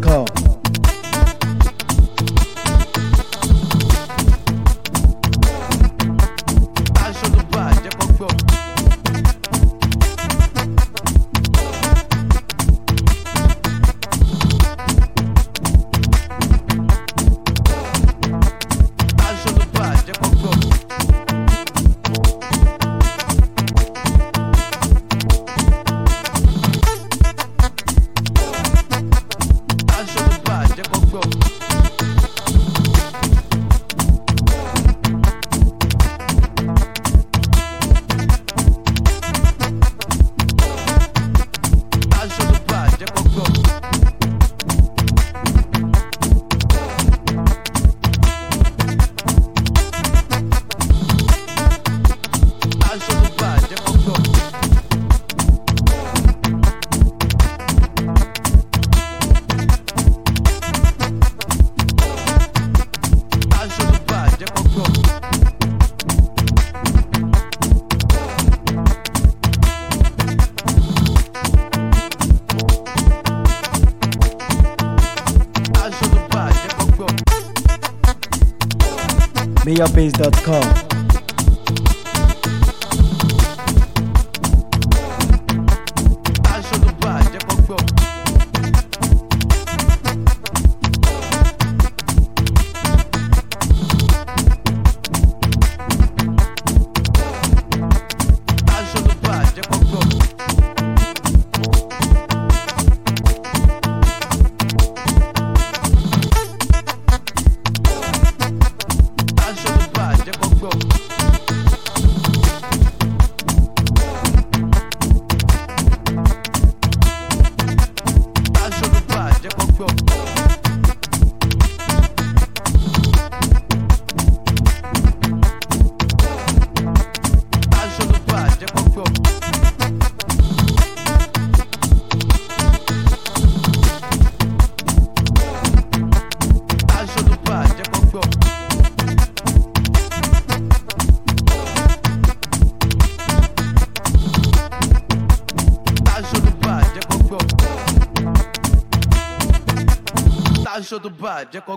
call. MayorBase.com. show do bar, jẹ́ kó